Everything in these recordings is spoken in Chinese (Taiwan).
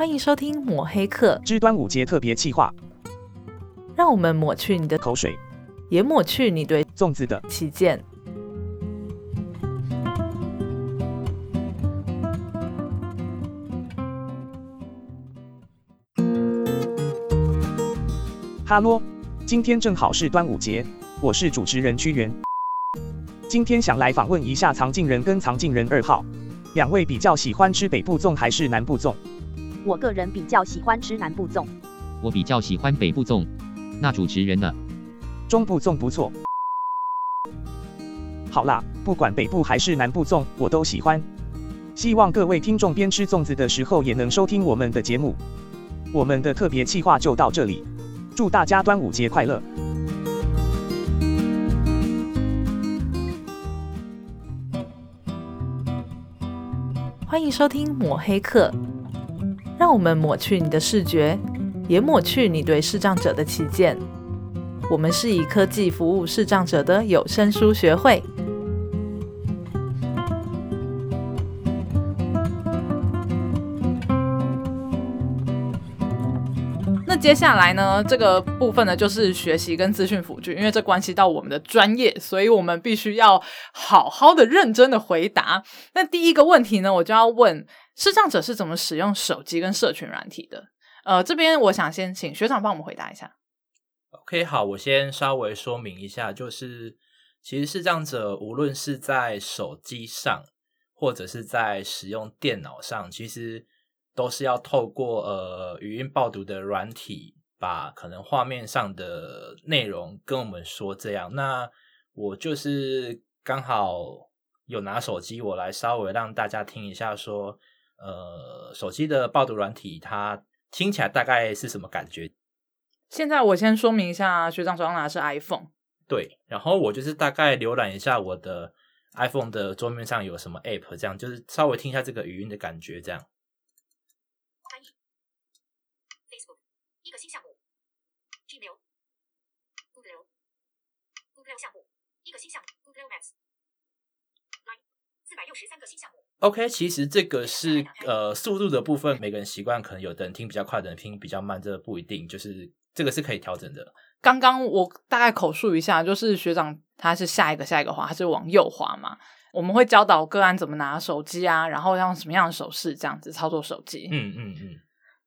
歡迎收聽《抹黑客之端午節特別企劃》，讓我們抹去你的口水，也抹去你對粽子的歧見。哈嘍，今天正好是端午節，我是主持人屈原。今天想來訪問一下藏鏡人跟藏鏡人二號，兩位比較喜歡吃北部粽還是南部粽？我個人比較喜歡吃南部粽，我比較喜歡北部粽。那主持人呢？中部粽不錯。好啦，不管北部還是南部粽，我都喜歡。希望各位聽眾邊吃粽子的時候也能收聽我們的節目。我們的特別企劃就到這裡，祝大家端午節快樂！歡迎收聽《抹黑客》。讓我們抹去你的視覺，也抹去你對視障者的歧見。我們是以科技服務視障者的有聲書學會。那接下來呢，這個部分呢，就是學習跟資訊輔助，因為這關係到我們的專業，所以我們必須要好好的、認真的回答。那第一個問題呢，我就要問。視障者是怎麼使用手機跟社群軟體的？呃，這邊我想先請學長幫我們回答一下。OK，好，我先稍微說明一下，就是其實視障者無論是在手機上，或者是在使用電腦上，其實都是要透過呃語音報讀的軟體，把可能畫面上的內容跟我們說這樣。那我就是剛好有拿手機，我來稍微讓大家聽一下說。呃，手機的報讀軟體，它聽起來大概是什麼感覺？現在我先說明一下，學長手上拿的是 iPhone。對，然後我就是大概瀏覽一下我的 iPhone 的桌面上有什麼 App，這樣就是稍微聽一下這個語音的感覺，這樣。歡迎 Facebook 一個新項目，Gmail，Google，Google 項目一個新項目，Google Maps，Line 四百六十三個新項目。 OK，其實這個是呃速度的部分，每個人習慣可能，有的人聽比較快，有的人聽比較慢，這個不一定，就是這個是可以調整的。剛剛我大概口述一下，就是學長他是下一個下一個滑，他是往右滑嘛，我們會教導個案怎麼拿手機啊，然後用什麼樣的手勢這樣子操作手機。嗯嗯嗯。嗯嗯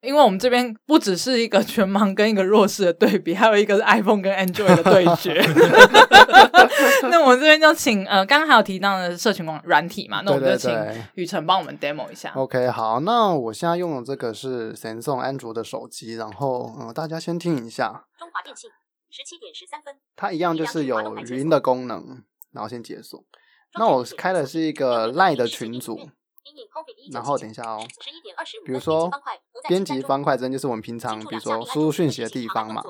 因為我們這邊不只是一個全盲跟一個弱視的對比，還有一個是 iPhone 跟 Android 的對決。 那我們這邊就請呃，剛剛還有提到的社群網軟體嘛，那我們就請雨辰幫我們 demo 一下對對對。OK，好，那我現在用的這個是 Samsung 安卓的手機，然後嗯、呃，大家先聽一下。中華電信十七點十三分。它一樣就是有語音的功能，然後先解鎖。那我開的是一個 LINE 的群組。然後等一下哦，比如說編輯方塊針，就是我們平常比如說輸入訊息的地方嘛，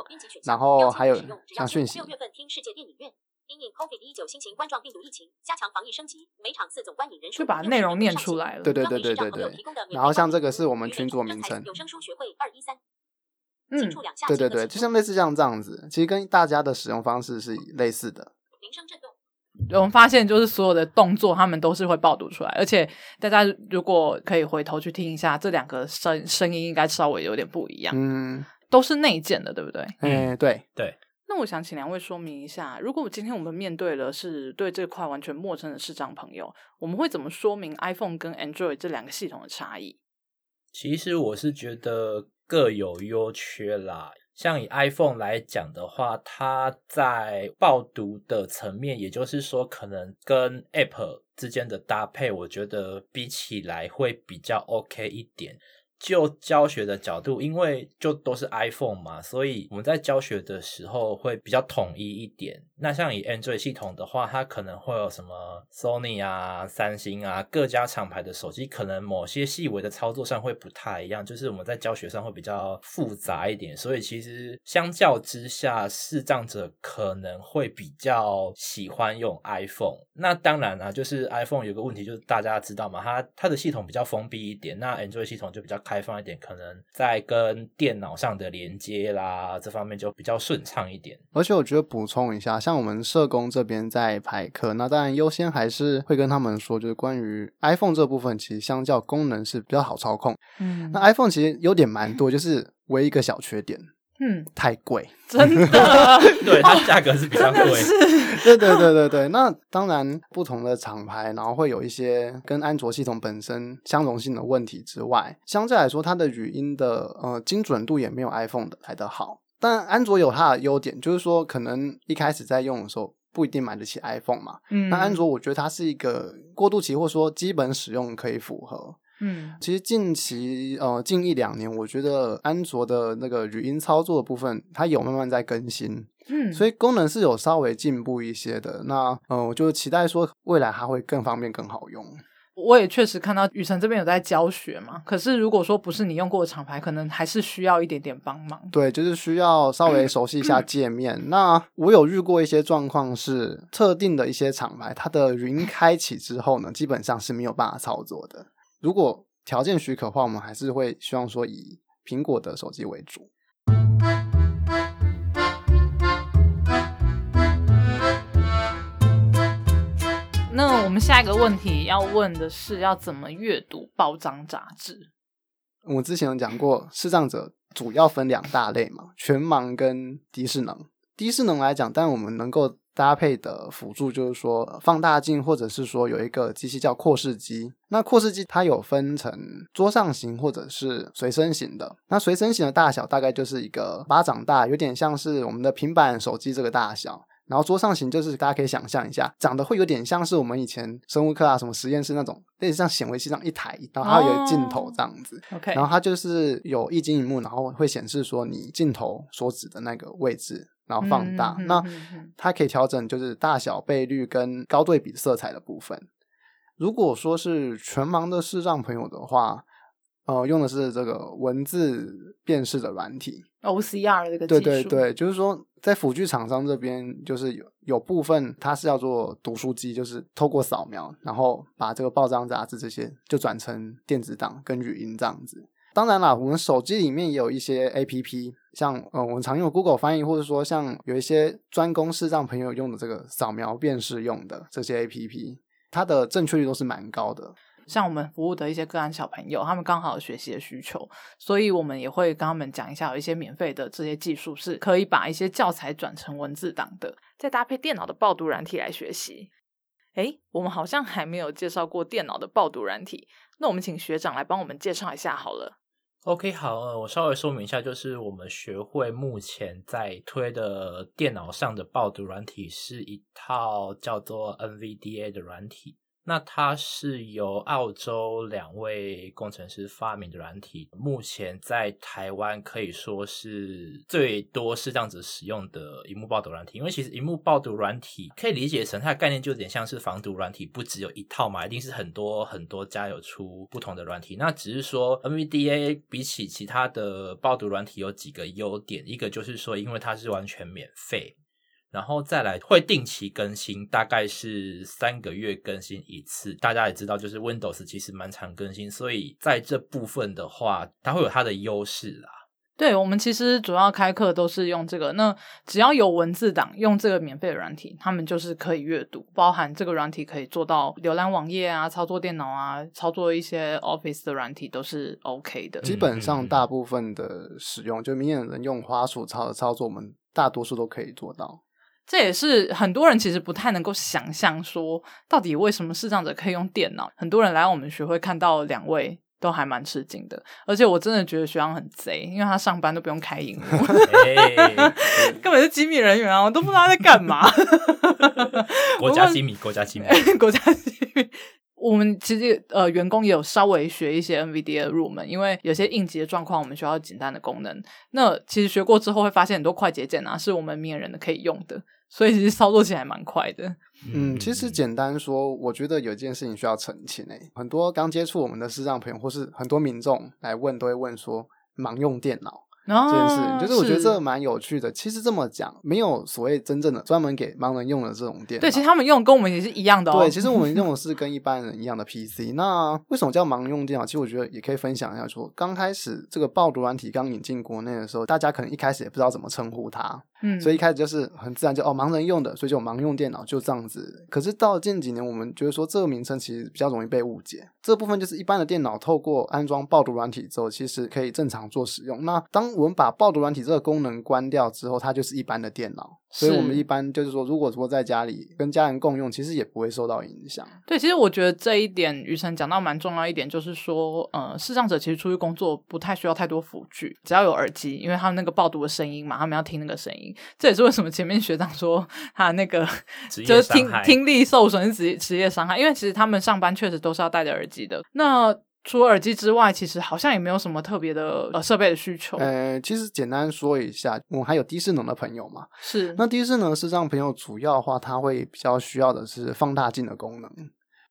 然後還有像訊息。六月份聽世界電影院。加強防疫升級，每場次總觀影人數。去把內容念出來了，對對對對對，對。然後像這個是我們群組名稱。嗯，對對對，就像類似像這樣子，其實跟大家的使用方式是類似的。我們發現，就是所有的動作，他們都是會報讀出來。而且大家如果可以回頭去聽一下，這兩個聲聲音應該稍微有點不一樣。嗯，都是內建的，對不對？嗯、欸，對對。那我想請兩位說明一下，如果我今天我們面對的是對這塊完全陌生的視障朋友，我們會怎麼說明 iPhone 跟 Android 這兩個系統的差異？其實我是覺得各有優缺啦。像以 iPhone 來講的話，它在報讀的層面，也就是說，可能跟 App 之間的搭配，我覺得比起來會比較 OK 一點。就教學的角度，因為就都是 iPhone 嘛，所以我們在教學的時候會比較統一一點。那像以 Android 系統的話，它可能會有什麼 Sony 啊、三星啊，各家廠牌的手機，可能某些細微的操作上會不太一樣，就是我們在教學上會比較複雜一點。所以其實相較之下，視障者可能會比較喜歡用 iPhone。那當然啊，就是 iPhone 有個問題，就是大家知道嘛，它它的系統比較封閉一點，那 Android 系統就比較開放一點，可能在跟電腦上的連接啦，這方面就比較順暢一點。而且我覺得補充一下，像像我們社工這邊在排課，那當然優先還是會跟他們說，就是關於 iPhone 這部分，其實相較功能是比較好操控。嗯，那 iPhone 其實優點蠻多，就是唯一一個小缺點，嗯，太貴，真的， 對，它價格是比較貴。哦、對對對對對，那當然不同的廠牌，然後會有一些跟安卓系統本身相容性的問題之外，相對來說，它的語音的呃精準度也沒有 iPhone 的來得好。但安卓有它的優點，就是說可能一開始在用的時候不一定買得起 iPhone 嘛。那、嗯、安卓，我覺得它是一個過渡期，或者說基本使用可以符合。嗯，其實近期呃近一兩年，我覺得安卓的那個語音操作的部分，它有慢慢在更新。嗯，所以功能是有稍微進步一些的。那呃，我就期待說未來它會更方便、更好用。我也確實看到雨辰這邊有在教學嘛，可是如果說不是你用過的廠牌，可能還是需要一點點幫忙。對，就是需要稍微熟悉一下界面。嗯嗯、那我有遇過一些狀況，是特定的一些廠牌，它的雲開啟之後呢，基本上是沒有辦法操作的。如果條件許可的話，我們還是會希望說以蘋果的手機為主。那我們下一個問題要問的是，要怎麼閱讀報章雜誌？我之前有講過，視障者主要分兩大類嘛，全盲跟低視能。低視能來講，但我們能夠搭配的輔助就是說放大鏡，或者是說有一個機器叫擴視機。那擴視機它有分成桌上型或者是隨身型的。那隨身型的大小大概就是一個巴掌大，有點像是我們的平板手機這個大小。然後桌上型就是大家可以想象一下，長得會有點像是我們以前生物課啊什麼實驗室那種，類似像顯微鏡上一台，然後它有一個鏡頭這樣子。Oh, OK，然後它就是有液晶螢幕，然後會顯示說你鏡頭所指的那個位置，然後放大。嗯、那、嗯、它可以調整就是大小倍率跟高對比色彩的部分。如果說是全盲的視障朋友的話，哦、呃，用的是這個文字辨識的軟體，OCR 的這個技術。對對對，就是說，在輔具廠商這邊，就是有有部分它是要做讀書機，就是透過掃描，然後把這個報章雜誌這些就轉成電子檔跟語音這樣子。當然啦，我們手機裡面也有一些 APP，像呃，我們常用 Google 翻譯，或者說像有一些專攻視障朋友用的這個掃描辨識用的這些 APP，它的正確率都是蠻高的。像我們服務的一些個案小朋友，他們剛好有學習的需求，所以我們也會跟他們講一下有一些免費的這些技術，是可以把一些教材轉成文字檔的，再搭配電腦的報讀軟體來學習。誒，我們好像還沒有介紹過電腦的報讀軟體，那我們請學長來幫我們介紹一下好了。OK，好、呃，我稍微說明一下，就是我們學會目前在推的電腦上的報讀軟體是一套叫做 NVDA 的軟體。那它是由澳洲兩位工程師發明的軟體，目前在台灣可以說是最多是這樣子使用的螢幕報讀軟體。因為其實螢幕報讀軟體可以理解成它的概念就有點像是防毒軟體，不只有一套嘛，一定是很多很多家有出不同的軟體。那只是說，NVDA 比起其他的報讀軟體有幾個優點，一個就是說，因為它是完全免費。然後再來會定期更新，大概是三個月更新一次。大家也知道，就是 Windows 其實蠻常更新，所以在這部分的話，它會有它的優勢啦。對，我們其實主要開課都是用這個。那只要有文字檔，用這個免費的軟體，他們就是可以閱讀。包含這個軟體可以做到瀏覽網頁啊，操作電腦啊，操作一些 Office 的軟體都是 OK 的。嗯嗯嗯、基本上大部分的使用，嗯嗯、就明眼人用滑鼠操的操作，我們大多數都可以做到。這也是很多人其實不太能夠想象，說到底為什麼視障者可以用電腦？很多人來我們學會看到兩位都還蠻吃驚的，而且我真的覺得學長很賊，因為他上班都不用開熒幕 busy、哎，嗯、 根本是機密人員啊，我都不知道他在幹嘛。國家機密，和音樂國家機密，國家機密。我們其實呃，員工也有稍微學一些 NVDA 入門，因為有些應急的狀況我們需要有簡單的功能。那其實學過之後會發現很多快捷鍵啊，是我們明眼人的可以用的。所以其實操作起來蠻快的。嗯，其實簡單說，我覺得有一件事情需要澄清誒、欸。很多剛接觸我們的視障朋友，或是很多民眾來問，都會問說盲用電腦這件事，啊、就是我覺得這蠻有趣的。是其實這麼講，沒有所謂真正的專門給盲人用的這種電腦。對，其實他們用跟我們也是一樣的、喔。對，其實我們用的是跟一般人一樣的 PC。 那為什麼叫盲用電腦？其實我覺得也可以分享一下說，說剛開始這個報讀軟體剛引進國內的時候，大家可能一開始也不知道怎麼稱呼它。嗯，所以一開始就是很自然就哦盲人用的，所以就盲用電腦就這樣子。可是到了近幾年，我們覺得說這個名稱其實比較容易被誤解。這部分就是一般的電腦，透過安裝報讀軟體之後，其實可以正常做使用。那當我們把報讀軟體這個功能關掉之後，它就是一般的電腦。所以我們一般就是說，如果說在家裡跟家人共用，其實也不會受到影響是。對，其實我覺得這一點，於生講到蠻重要一點，就是說，呃，視障者其實出去工作不太需要太多輔具，只要有耳機，因為他們那個報讀的聲音嘛，他們要聽那個聲音。這也是為什麼前面學長說他那個就是聽，聽力受損、職職業傷害，因為其實他們上班確實都是要戴着耳機的。那除了耳機之外，其實好像也沒有什麼特別的呃設備的需求。呃，其實簡單說一下，我還有低智能的朋友嘛。是。那低智能的視障朋友主要的話，他會比較需要的是放大鏡的功能。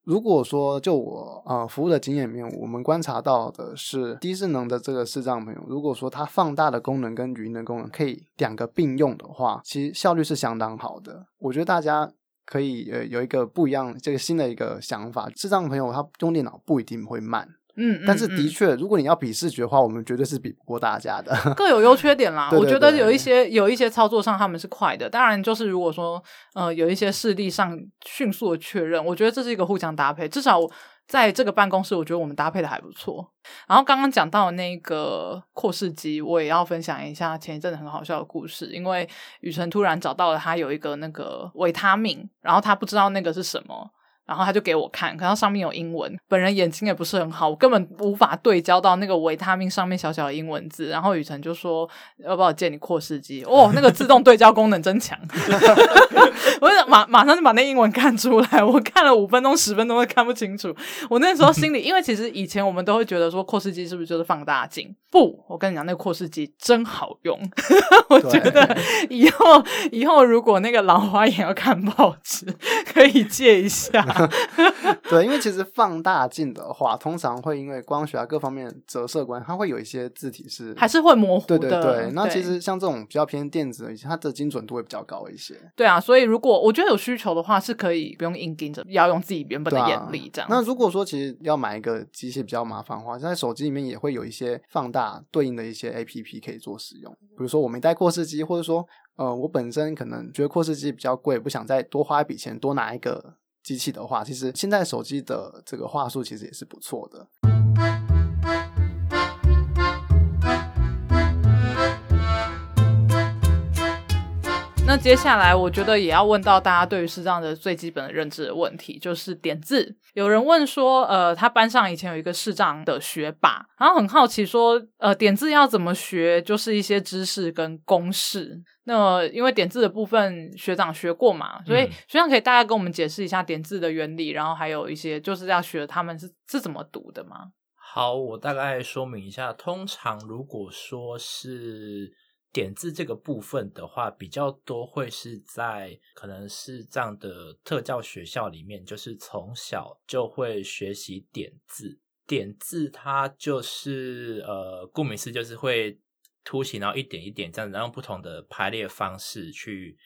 如果說就我啊、呃、服務的經驗裡面，我們觀察到的是低智能的這個視障朋友，如果說他放大的功能跟語音的功能可以兩個並用的話，其實效率是相當好的。我覺得大家可以呃有一個不一樣這個新的一個想法，視障朋友他用電腦不一定會慢。嗯，但是的確，嗯嗯、如果你要比視覺的話，我們絕對是比不過大家的。各有優缺點啦，對對對，我覺得有一些有一些操作上他們是快的，當然就是如果說，呃，有一些視力上迅速的確認，我覺得這是一個互相搭配。至少在這個辦公室，我覺得我們搭配的還不錯。然後剛剛講到那個擴視機，我也要分享一下前一陣子很好笑的故事，因為雨辰突然找到了他有一個那個維他命，然後他不知道那個是什麼。然後他就給我看，可能上面有英文，本人眼睛也不是很好，我根本無法對焦到那個維他命上面小小的英文字。然後雨辰就說：“要不要借你擴視機？”哦，那個自動對焦功能真強，我 馬馬上就把那英文看出來。我看了五分鐘、十分鐘都看不清楚。我那時候心裡，因為其實以前我們都會覺得說擴視機是不是就是放大鏡？不，我跟你講，那個擴視機真好用。 我覺得以後以後如果那個老花眼要看報紙，可以借一下。 對，因為其實放大鏡的話， 通常會因為光學啊各方面折射關它會有一些字體是對對對還是會模糊的。對對對。那其實像這種比較偏電子，的，它的精準度會比較高一些。對啊，所以如果我覺得有需求的話，是可以不用硬盯着，要用自己原本的眼力這樣、啊。那如果說其實要買一個機械比較麻煩的話，現在手機裡面也會有一些放大對應的一些 APP 可以做使用。比如說我沒帶擴視機，或者說呃，我本身可能覺得擴視機比較貴，不想再多花一筆錢，多拿一個。機器的話，其實現在手機的這個話術其實也是不錯的。那接下來，我覺得也要問到大家對於視障的最基本的認知的問題，就是點字。有人問說，呃，他班上以前有一個視障的學霸，然後很好奇說，呃，點字要怎麼學，就是一些知識跟公式。那因為點字的部分學長學過嘛，所以學長可以大概跟我們解釋一下點字的原理，然後還有一些就是要學他們是是怎麼讀的嗎？好，我大概說明一下，通常如果說是。點字這個部分的話，比較多會是在可能是這樣的特教學校裡面，就是從小就會學習點字。點字它就是呃，顧名思就是會凸起，然後一點一點這樣子，然後用不同的排列方式去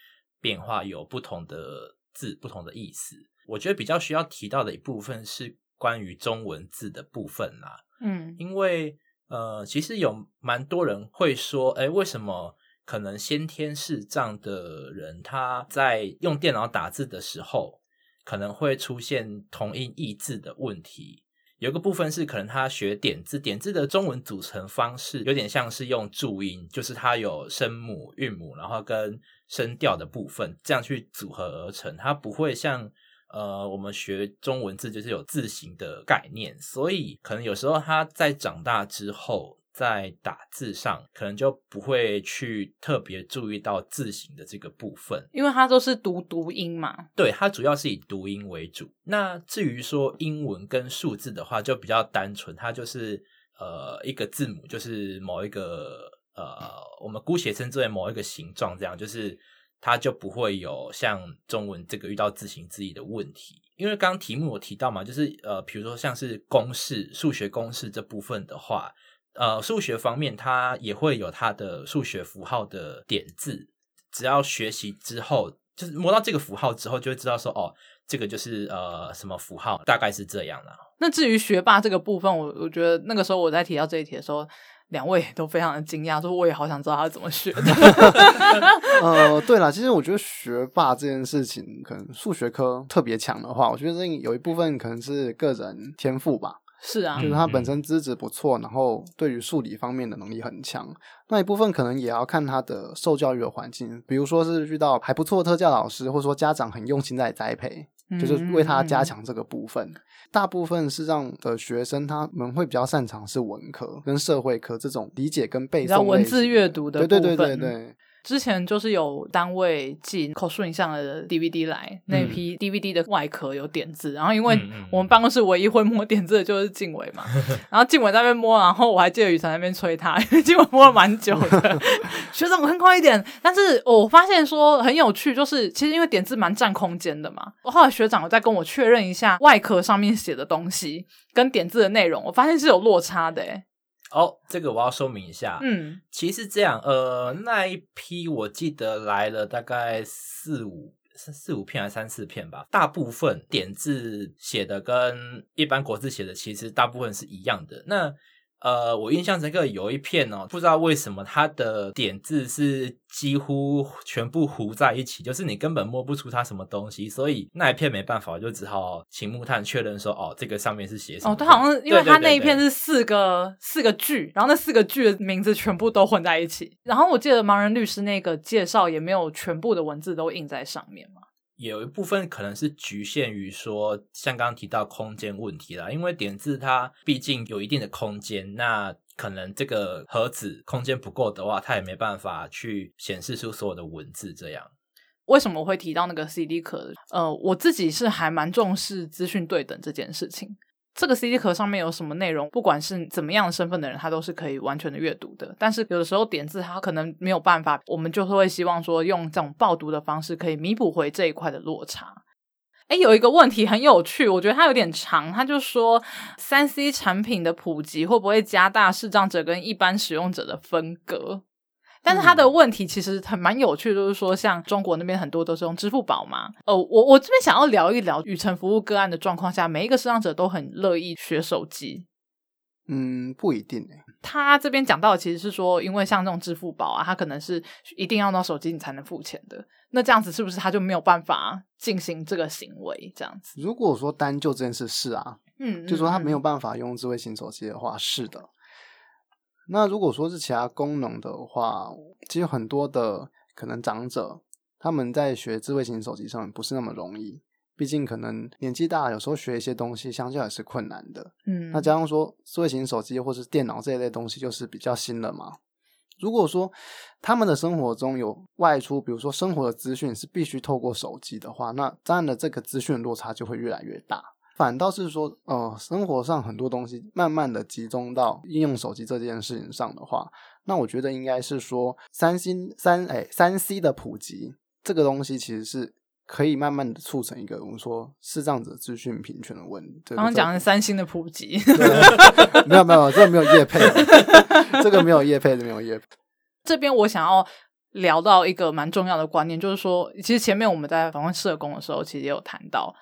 變化，有不同的字，不同的意思。我覺得比較需要提到的一部分是關於中文字的部分啦、啊。嗯，因為。呃，其實有蠻多人會說，誒，為什麼可能先天視障的人，他在用電腦打字的時候，可能會出現同音異字的問題？有個部分是，可能他學點字，點字的中文組成方式有點像是用注音，就是它有聲母、韻母，然後跟聲調的部分這樣去組合而成，它不會像。呃，我們學中文字就是有字形的概念，所以可能有時候他在長大之後，在打字上可能就不會去特別注意到字形的這個部分，因為它都是讀讀音嘛。對，它主要是以讀音為主。那至於說英文跟數字的話，就比較單純，它就是，呃，一個字母，就是某一個，呃，我們姑且稱之為某一個形狀，這樣就是。他就不會有像中文這個遇到字形字意的問題，因為剛剛題目我提到嘛，就是呃，比如說像是公式、數學公式這部分的話，呃，數學方面它也會有它的數學符號的點字，只要學習之後，就是摸到這個符號之後，就會知道說哦，這個就是呃什麼符號，大概是這樣了。」那至於學霸這個部分，我我覺得那個時候我在提到這一題的時候。兩位都非常的驚訝，說我也好想知道他是怎麼學的。 呃，對啦，其實我覺得學霸這件事情，可能數學科特別強的話，我覺得有一部分可能是個人天賦吧。是啊，就是他本身資質不錯，嗯、然後對於數理方面的能力很強。那一部分可能也要看他的受教育的環境，比如說是遇到還不錯的特教老師，或者說家長很用心在栽培。就是為他加強這個部分，嗯嗯嗯，大部分是讓的、呃、學生他們會比較擅長是文科跟社會科這種理解跟背誦文字閱讀的，對對對對對。之前就是有單位寄口述影像的 DVD 來，那批 DVD 的外殼有點字，嗯、然後因為我們辦公室唯一會摸點字的就是靜偉嘛，嗯嗯，然後靜偉在那邊摸，然後我還記得雨辰在那邊催他，因為靜偉摸了蠻久的， 學長很快一點。但是、哦、我發現說很有趣，就是其實因為點字蠻佔空間的嘛，我後來學長有再跟我確認一下外殼上面寫的東西跟點字的內容，我發現是有落差的、欸。哦，oh, 這個我要說明一下。嗯，其實這樣，呃，那一批我記得來了大概四五、四五片還是三四片吧，大部分點字寫的跟一般國字寫的其實大部分是一樣的。那呃，我印象這個有一片哦，不知道為什麼它的點字是幾乎全部糊在一起，就是你根本摸不出它什麼東西，所以那一片沒辦法，就只好請木炭確認說，哦，這個上面是寫什麼？哦，它好像因為它那一片是四個對對對對四個劇，然後那四個劇的名字全部都混在一起，然後我記得盲人律師那個介紹也沒有全部的文字都印在上面嘛。也有一部分可能是局限於說，像剛提到空間問題啦，因為點字它畢竟有一定的空間，那可能這個盒子空間不夠的話，它也沒辦法去顯示出所有的文字這樣。為什麼我會提到那個 CD 殼？呃，我自己是還蠻重視資訊對等這件事情，這個 CD 殼上面有什麼內容？不管是怎麼樣的身份的人，他都是可以完全的閱讀的。但是有的時候點字他可能沒有辦法，我們就是會希望說用這種報讀的方式，可以彌補回這一塊的落差。哎，有一個問題很有趣，我覺得它有點長。他就說，三 C 產品的普及會不會加大視障者跟一般使用者的分隔？但是他的問題其實還蠻有趣的，就是說，像中國那邊很多都是用支付寶嘛。哦、呃，我我這邊想要聊一聊雨辰服務個案的狀況下，每一個視障者都很樂意學手機。嗯，不一定、欸、他這邊講到的其實是說，因為像這種支付寶啊，他可能是一定要拿手機你才能付錢的。那這樣子是不是他就沒有辦法進行這個行為？這樣子，如果說單就這件事是啊，嗯，嗯，嗯，就說他沒有辦法用智慧型手機的話，是的。那如果說是其他功能的話，其實很多的可能長者他們在學智慧型手機上不是那麼容易，畢竟可能年紀大，有時候學一些東西相較也是困難的。嗯，那假如說智慧型手機或是電腦這一類東西就是比較新的嘛。如果說他們的生活中有外出，比如說生活的資訊是必須透過手機的話，那這樣的這個資訊落差就會越來越大。反倒是說，呃，生活上很多東西慢慢的集中到應用手機這件事情上的話，那我覺得應該是說三，三星三哎，三、欸、三 C 的普及這個東西其實是可以慢慢的促成一個我們說是這樣子的資訊平權的問題。對對，剛剛講三星的普及，沒有沒有這個沒有業配，這個沒有業配，沒有業配。這邊我想要聊到一個蠻重要的觀念，就是說，其實前面我們在訪問社工的時候，其實也有談到。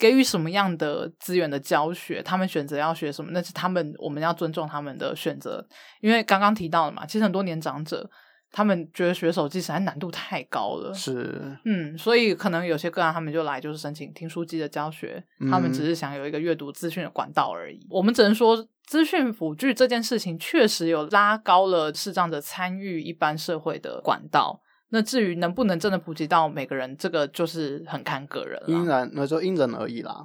給予什麼樣的資源的教學，他們選擇要學什麼，那是他們，我們要尊重他們的選擇。因為剛剛提到了嘛，其實很多年長者他們覺得學手機實在難度太高了，是嗯，所以可能有些個人他們就來就是申請聽書機的教學，他們只是想有一個閱讀資訊的管道而已。嗯、我們只能說，資訊輔具這件事情確實有拉高了視障者參與一般社會的管道。那至於能不能真的普及到每個人，這個就是很看個人了。因人，那就因人而異啦。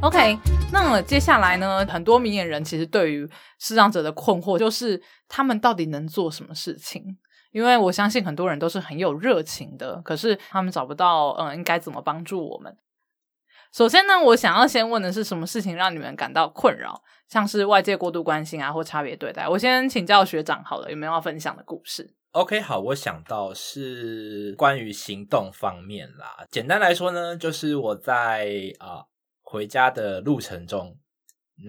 OK，那麼、嗯、接下來呢，很多明眼人其實對於視障者的困惑就是，他們到底能做什麼事情？因為我相信很多人都是很有熱情的，可是他們找不到嗯，應該怎麼幫助我們。首先呢，我想要先問的是，什麼事情讓你們感到困擾？像是外界過度關心啊，或差別對待。我先請教學長好了，有沒有要分享的故事？OK，好，我想到是關於行動方面啦。簡單來說呢，就是我在啊回家的路程中，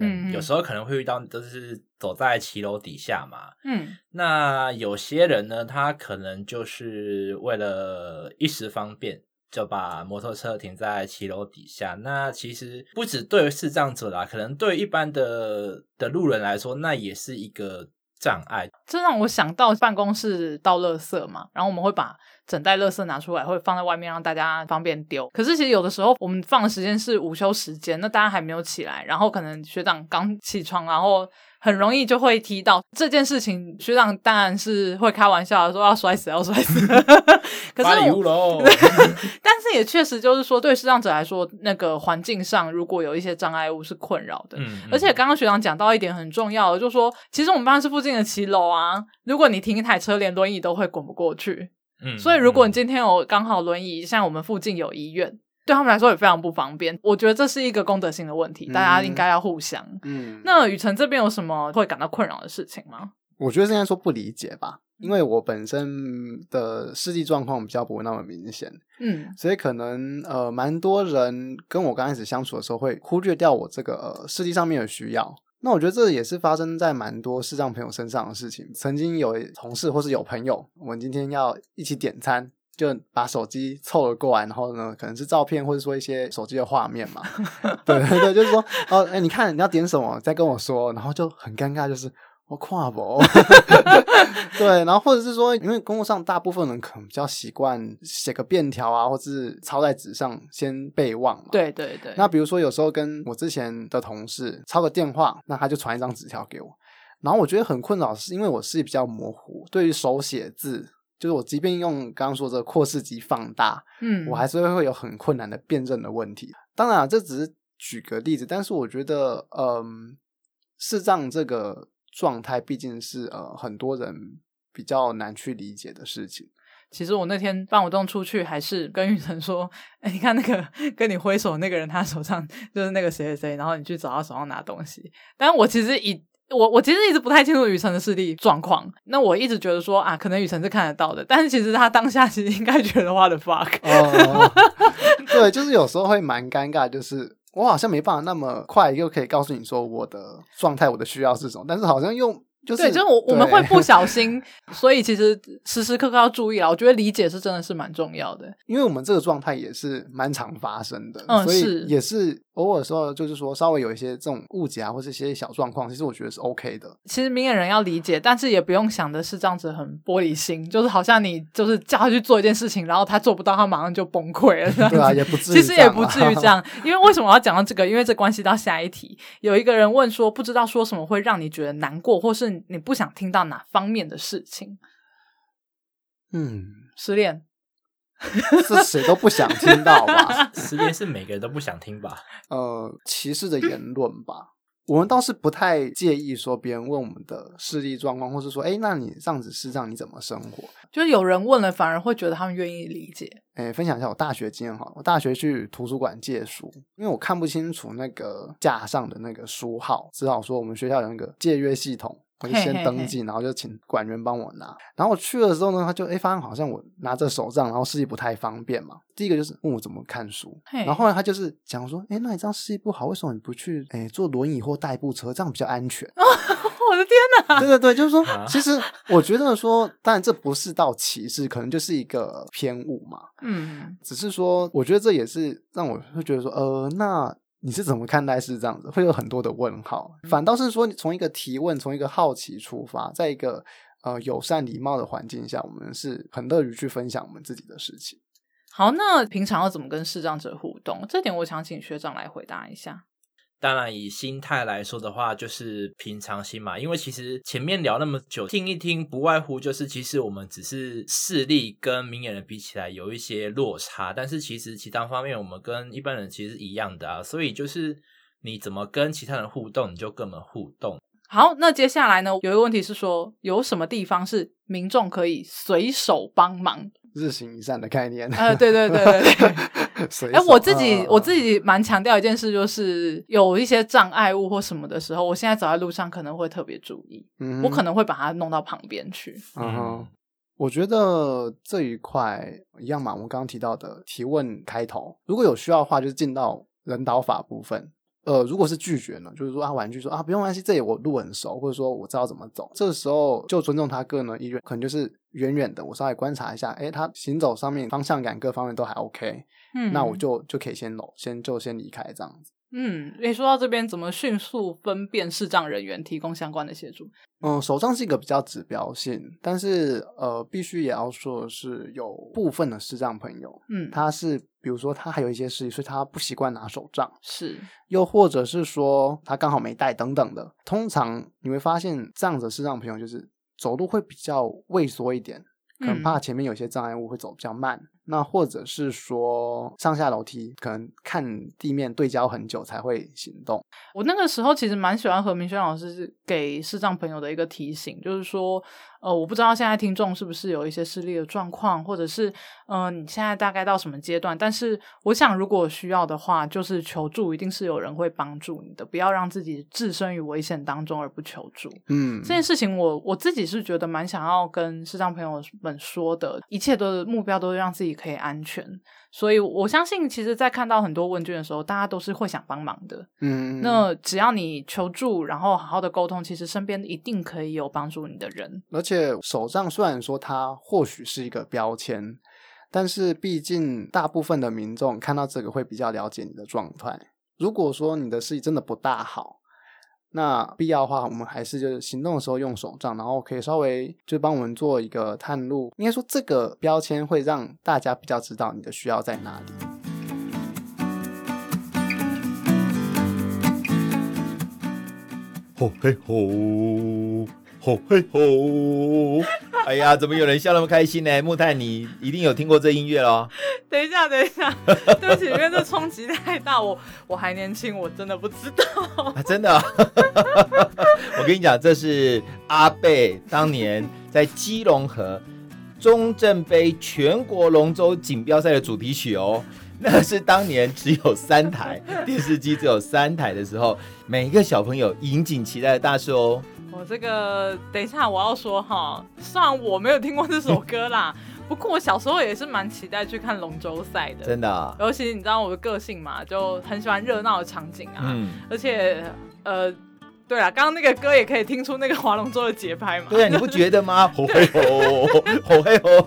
嗯，嗯嗯，有時候可能會遇到，就是走在騎樓底下嘛。嗯，那有些人呢，他可能就是為了一時方便。就把摩托車停在騎樓底下。那其實不止對視障者啦，可能對於一般的的路人來說，那也是一個障礙。這讓我想到辦公室倒垃圾嘛，然後我們會把整袋垃圾拿出來，會放在外面讓大家方便丟。可是其實有的時候我們放的時間是午休時間，那大家還沒有起來，然後可能學長剛起床，然後。很容易就會提到這件事情，學長當然是會開玩笑說要摔死要摔死，要摔死 可是我，哦、 但是也確實就是說，對視障者來說，那個環境上如果有一些障礙物是困擾的。嗯嗯、而且剛剛學長講到一點很重要的，就是說，其實我們班是附近的騎樓啊，如果你停一台車，連輪椅都會滾不過去。嗯嗯、所以如果你今天有剛好輪椅，像我們附近有醫院。對他們來說也非常不方便，我覺得這是一個公德心的問題，嗯、大家應該要互相。嗯，那雨辰這邊有什麼會感到困擾的事情嗎？我覺得這應該說不理解吧，因為我本身的實際狀況比較不會那麼明顯，嗯，所以可能呃，蠻多人跟我剛開始相處的時候會忽略掉我這個實際、呃、上面的需要。那我覺得這也是發生在蠻多視障朋友身上的事情。曾經有同事或是有朋友，我們今天要一起點餐。就把手機湊了過來，然後呢，可能是照片或者說一些手機的畫面嘛， 對，對對，就是說哦，哎、欸，你看你要點什麼，再跟我說，然後就很尷尬，就是我看不懂， 對，然後或者是說，因為工作上大部分人可能比較習慣寫個便條啊，或是抄在紙上先備忘嘛， 對對對。那比如說有時候跟我之前的同事抄個電話，那他就傳一張紙條給我，然後我覺得很困擾，是因為我視力比較模糊對於手寫字。就是我，即便用剛剛說的這個擴視機放大，嗯，我還是會有很困難的辨認的問題。當然啊，這只是舉個例子，但是我覺得，嗯、呃，視障這個狀態畢竟是呃很多人比較難去理解的事情。其實我那天辦活動出去，還是跟玉成說，哎，你看那個跟你揮手那個人，他手上就是那個誰誰誰，然後你去找他手上拿東西。但我其實以。我我其實一直不太清楚雨辰的視力狀況，那我一直覺得說啊，可能雨辰是看得到的，但是其實他當下其實應該覺得 What the fuck，哦，oh, 對，就是有時候會蠻尷尬，就是我好像沒辦法那麼快又可以告訴你說我的狀態、我的需要是什麼，但是好像又。就是、對，就是我我們會不小心，對所以其實時時刻刻要注意了。我覺得理解是真的是蠻重要的，因為我們這個狀態也是蠻常發生的，嗯、所以也是偶爾時候就是說稍微有一些這種誤解啊，或是一些小狀況，其實我覺得是 OK 的。其實明眼人要理解，但是也不用想的是這樣子很玻璃心，就是好像你就是叫他去做一件事情，然後他做不到，他馬上就崩潰了，嗯、對啊，也不至於這樣、啊， 其實也不至於這樣。因為為什麼我要講到這個？ 因為這關係到下一題。有一個人問說，不知道說什麼會讓你覺得難過，或是。你不想聽到哪方面的事情？嗯，失戀戀是誰都不想聽到吧？ 失戀是每個人都不想聽吧？呃，歧視的言論吧。嗯、我們倒是不太介意說別人問我們的視力狀況，或是說，哎、欸，那你這樣子是讓你怎麼生活？就是有人問了，反而會覺得他們願意理解。哎、欸，分享一下我大學經驗哈。我大學去圖書館借書，因為我看不清楚那個架上的那個書號，只好說我們學校有一個借閱系統。我就先登記，hey, hey, hey. 然後就請管員幫我拿。然後我去了之後呢，他就誒發現好像我拿着手杖，然後視力不太方便嘛。第一個就是問我怎麼看書，Hey. 然後呢他就是講說，誒那你這樣視力不好，為什麼你不去誒坐輪椅或代步車，這樣比較安全？Oh, 我的天哪！對對對，就是說，Huh? 其實我覺得說，當然這不是到歧視，可能就是一個偏誤嘛。嗯，只是說，我覺得這也是讓我會覺得說，呃，那。你是怎麼看待視障者？會有很多的問號，反倒是說，你從一個提問，從一個好奇出發，在一個呃友善禮貌的環境下，我們是很樂於去分享我們自己的事情。好，那平常要怎麼跟視障者互動？這點我想請學長來回答一下。當然，以心態來說的話，就是平常心嘛。因為其實前面聊那麼久，聽一聽不外乎就是，其實我們只是視力跟明眼人比起來有一些落差，但是其實其他方面我們跟一般人其實一樣的啊。所以就是你怎麼跟其他人互動，你就怎麼互動。好，那接下來呢，有一個問題是說，有什麼地方是民眾可以隨手幫忙？日行一善的概念啊、呃，對對對對，對，對。 哎、啊，我自己我自己蠻強調一件事，就是有一些障礙物或什麼的時候，我現在走在路上可能會特別注意，嗯、我可能會把它弄到旁邊去。嗯，嗯我覺得這一塊一樣嘛，我們剛剛提到的提問開頭，如果有需要的話，就是、進到人導法部分。呃，如果是拒絕呢，就是說啊，玩具說啊，不用擔心，這裡我路很熟，或者說我知道怎麼走，這個時候就尊重他個人的意願，可能就是遠遠的，我稍微觀察一下，誒，他行走上面方向感各方面都還 OK，嗯，那我就就可以先走，先就先離開這樣子。嗯，你說到這邊，怎麼迅速分辨視障人員，提供相關的協助？嗯、呃，手杖是一個比較指標性，但是呃，必須也要說的是，有部分的視障朋友，嗯，他是比如說他還有一些視力，所以他不習慣拿手杖，是，又或者是說他剛好沒帶等等的。通常你會發現，這樣子的視障朋友就是走路會比較畏縮一點，很、嗯、怕前面有些障礙物，會走比較慢。那或者是說上下樓梯，可能看地面對焦很久才會行動。我那個時候其實蠻喜歡何明軒老師給視障朋友的一個提醒，就是說，呃，我不知道現在聽眾是不是有一些視力的狀況，或者是，嗯、呃，你現在大概到什麼階段？但是，我想如果需要的話，就是求助，一定是有人會幫助你的，不要讓自己置身於危險當中而不求助。嗯，這件事情我我自己是覺得蠻想要跟視障朋友們說的，一切的目標都是讓自己可以安全。所以我相信，其實，在看到很多問卷的時候，大家都是會想幫忙的。嗯，那只要你求助，然後好好的溝通，其實身邊一定可以有幫助你的人。而且手杖雖然說它或許是一個標籤，但是畢竟大部分的民眾看到這個會比較了解你的狀態。如果說你的視力真的不大好，那必要的話，我們還是就是行動的時候用手杖，然後可以稍微就幫我們做一個探路。應該說這個標籤會讓大家比較知道你的需要在哪裡。好嘿好。哎呀，怎麼有人笑那麼開心呢？木炭，你一定有聽過這音樂咯。等一下，等一下，對不起，因為這個衝擊太大，我我還年輕，我真的不知道。啊、真的，我跟你講，這是阿伯當年在基隆河中正杯全國龍舟錦標賽的主題曲哦。那是當年只有三台 電視機，只有三台的時候，每一個小朋友引頸期待的大事哦。我、哦、這個等一下我要說哈，雖然我沒有聽過這首歌啦， 不過我小時候也是蠻期待去看龍舟賽的，真的、啊。尤其你知道我的個性嘛，就很喜歡熱鬧的場景啊。嗯。而且呃，對啊，剛剛那個歌也可以聽出那個划龍舟的節拍嘛。對、啊， 你不覺得嗎？吼嘿吼，吼嘿吼。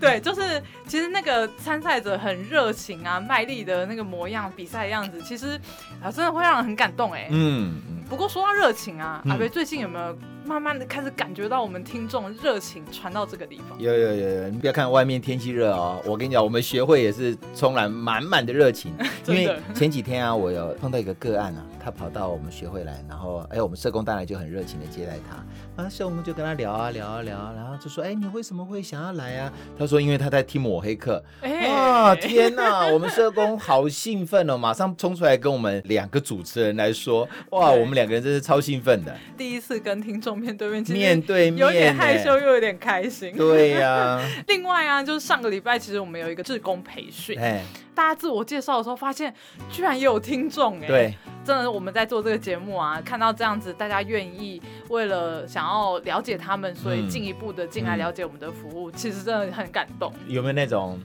對，就是其實那個參賽者很熱情啊，賣力的那個模樣，比賽的樣子，其實啊真的會讓人很感動哎、欸。嗯。不過說到熱情啊，阿貝最近有沒有慢慢的開始感覺到我們聽眾熱情傳到這個地方？有有有有，你不要看外面天氣熱哦，我跟你講，我們學會也是充滿滿滿的熱情，的因為前幾天啊，我有碰到一個個案啊，他跑到我們學會來，然後哎，我們社工當然就很熱情的接待他，然後社工就跟他聊啊聊啊聊啊，然後就說哎，你為什麼會想要來啊？他說因為他在聽我黑客。哎，天哪， 我們社工好興奮哦，馬上衝出來跟我們兩個主持人來說，哇，對我們兩。兩個人真是超興奮的，第一次跟聽眾面對面，面對面有點害羞面面、欸、又有點開心，對呀、啊。 另外啊，就是上個禮拜其實我們有一個志工培訓，哎嘿，大家自我介紹的時候發現居然也有聽眾哎、欸，對真的我們在做這個節目啊，看到這樣子大家願意為了想要了解他們，所以進一步的進來了解我們的服務，嗯、其實真的很感動。有沒有那種？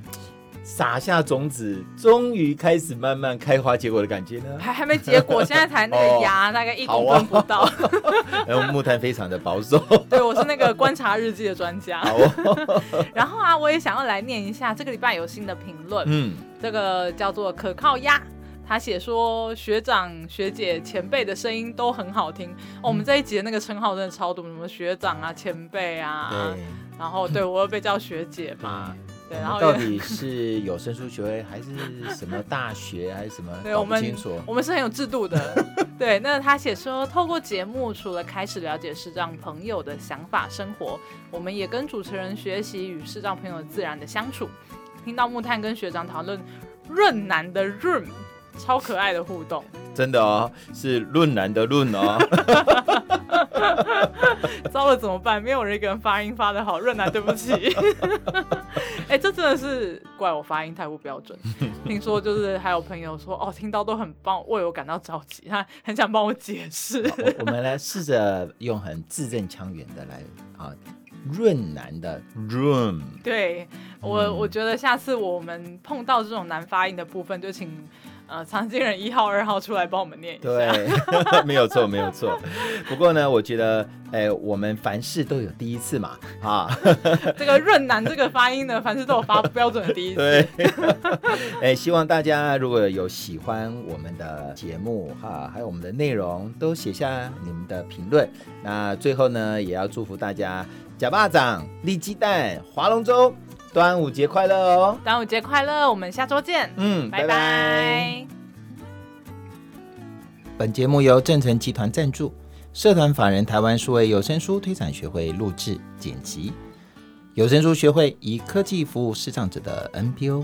撒下種子，終於開始慢慢開花結果的感覺呢？還還沒結果，現在才那個芽， 哦、大概一公分不到。我們、啊、 木炭非常的保守。 對，我是那個觀察日記的專家。 啊、 然後啊，我也想要來念一下這個禮拜有新的評論。嗯，這個叫做可靠鴨，他寫說學長學姐前輩的聲音都很好聽。哦嗯、我們這一集的那個稱號真的超多，什麼學長啊、前輩啊，對然後對我又被叫學姐嘛。對，然後到底是有聲書學位還是什麼大學還是什麼搞不清楚？對，我們，我們是很有制度的， 對。那他寫說，透過節目，除了開始了解視障朋友的想法、生活，我們也跟主持人學習與視障朋友自然的相處。聽到木炭跟學長討論潤南的潤。超可愛的互動，真的哦，是潤男的潤哦。 糟了，怎麼辦？沒有人跟發音發得好潤男。對不起。哎、 欸，這真的是怪我發音太不標準。 聽說就是還有朋友說，哦，聽到都很棒，為我有感到着急，他很想幫我解釋。我們來試着用很字正腔圓的來啊，潤男的 room 的潤。對我，嗯、我覺得下次我們碰到這種難發音的部分，就請。呃，藏鏡人一號、二號出來幫我們念一下。對呵呵，沒有錯，沒有錯。不過呢，我覺得，哎、欸，我們凡事都有第一次嘛，哈。這個潤南這個發音呢，凡事都有發標準的第一次。對。哎、欸，希望大家如果有喜歡我們的節目哈，還有我們的內容，都寫下你們的評論。那最後呢，也要祝福大家，呷肉粽、立雞蛋、划龍舟。端午節快樂哦！端午節快樂，我們下周見。嗯，拜拜。拜拜。本節目由正成集團贊助，社團法人台灣數位有聲書推展學會錄製剪輯，有聲書學會以科技服務視障者的 NPO。